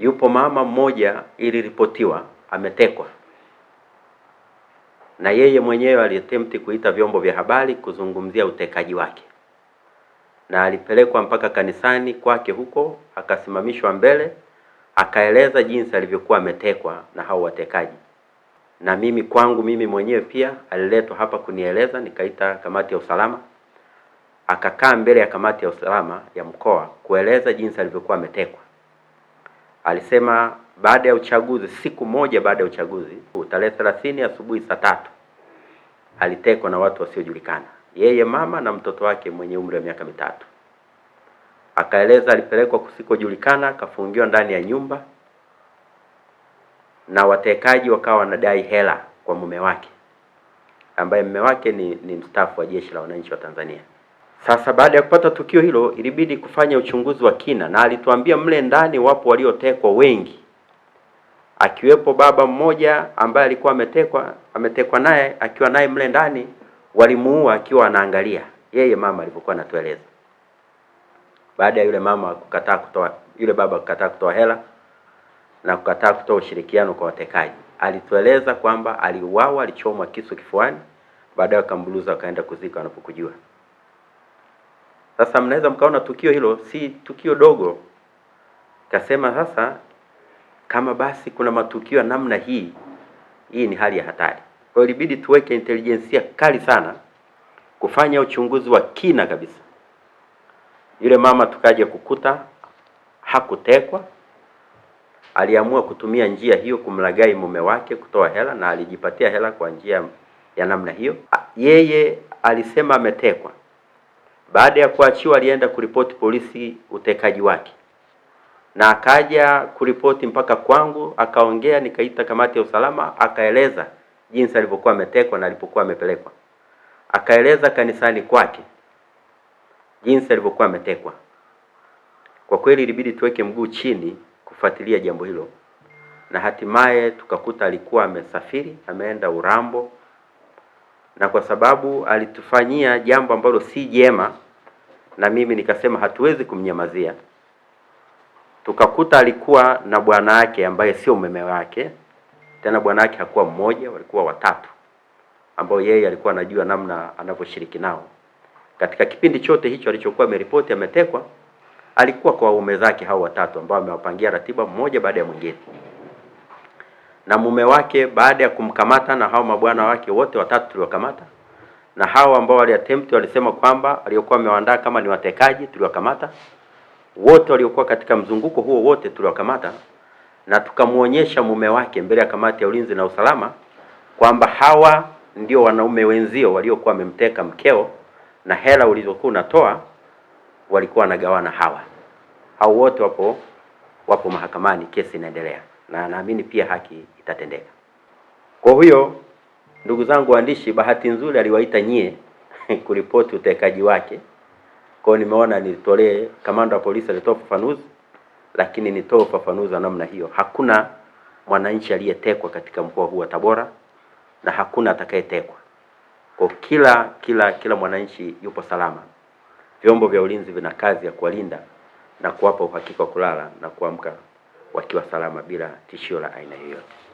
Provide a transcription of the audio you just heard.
yupo mama mmoja iliripotiwa ametekwa, na yeye mwenyewe aliyetemti kuita vyombo vya habari kuzungumzia utekaji wake, na alipelekwa mpaka kanisani kwake huko, akasimamishwa mbele, akaeleza jinsi alivyokuwa ametekwa na hao watekaji. Na mimi kwangu mimi mwenyewe pia aliletwa hapa kunieleza, nikaita kamati ya usalama, akakaa mbele ya kamati ya usalama ya mkoa kueleza jinsi alivyokuwa ametekwa alisema baada ya uchaguzi, siku moja baada ya uchaguzi, tarehe 30 asubuhi saa tatu alitekwa na watu wasiojulikana, yeye mama na mtoto wake mwenye umri wa miaka mitatu. Akaeleza alipelekwa kusikojulikana, akafungiwa ndani ya nyumba, na watekaji wakawa wanadai hela kwa mume wake ambaye mume wake ni, ni mstaafu wa jeshi la wananchi wa Tanzania. Sasa baada ya kupata tukio hilo, ilibidi kufanya uchunguzi wa kina, na alituambia mle ndani wapo waliotekwa wengi, akiwepo baba mmoja ambaye alikuwa ametekwa ametekwa naye akiwa naye mle ndani, walimuua akiwa anaangalia yeye mama alivyokuwa anatueleza. Baada ya yule mama kukataa kutoa, yule baba kukataa kutoa hela na kukataa kutoa ushirikiano kwa watekaji, alitueleza kwamba aliuawa, alichomwa kisu kifuani, baadaye wakamburuza wakaenda kuzika wanapokujua sasa mnaweza mkaona tukio hilo si tukio dogo. Kasema sasa kama basi kuna matukio ya namna hii, hii ni hali ya hatari. Kwa hiyo ilibidi tuweke intelijensia kali sana kufanya uchunguzi wa kina kabisa. Yule mama tukaja kukuta hakutekwa, aliamua kutumia njia hiyo kumlagai mume wake kutoa hela, na alijipatia hela kwa njia ya namna hiyo. Yeye alisema ametekwa baada ya kuachiwa, alienda kuripoti polisi utekaji wake na akaja kuripoti mpaka kwangu, akaongea, nikaita kamati ya usalama, akaeleza jinsi alivyokuwa ametekwa na alipokuwa amepelekwa. Akaeleza kanisani kwake jinsi alivyokuwa ametekwa. Kwa kweli ilibidi tuweke mguu chini kufuatilia jambo hilo, na hatimaye tukakuta alikuwa amesafiri ameenda Urambo na kwa sababu alitufanyia jambo ambalo si jema, na mimi nikasema hatuwezi kumnyamazia. Tukakuta alikuwa na bwana yake ambaye sio mume wake tena, bwana yake hakuwa mmoja, walikuwa watatu, ambao yeye alikuwa anajua namna anavyoshiriki nao. Katika kipindi chote hicho alichokuwa ameripoti ametekwa, alikuwa kwa waume zake hao watatu, ambao amewapangia ratiba mmoja baada ya mwingine na mume wake baada ya kumkamata na hao mabwana wake wote watatu tuliwakamata, na hao ambao waliattempt walisema kwamba waliokuwa wamewaandaa kama ni watekaji tuliwakamata wote, waliokuwa katika mzunguko huo wote tuliwakamata, na tukamwonyesha mume wake mbele ya kamati ya ulinzi na usalama kwamba hawa ndio wanaume wenzio waliokuwa wamemteka mkeo, na hela ulizokuwa unatoa walikuwa wanagawana hawa. Hao wote wapo wapo mahakamani, kesi inaendelea na naamini pia haki itatendeka. Kwa hiyo ndugu zangu waandishi, bahati nzuri aliwaita nyie kuripoti utekaji wake. Kwa hiyo nimeona nitolee, kamanda wa polisi alitoa ufafanuzi, lakini nitoe ufafanuzi wa namna hiyo. Hakuna mwananchi aliyetekwa katika mkoa huu wa Tabora na hakuna atakayetekwa. Kwa kila kila kila mwananchi yupo salama. Vyombo vya ulinzi vina kazi ya kuwalinda na kuwapa uhakika wa kulala na kuamka wakiwa salama bila tishio la aina yoyote.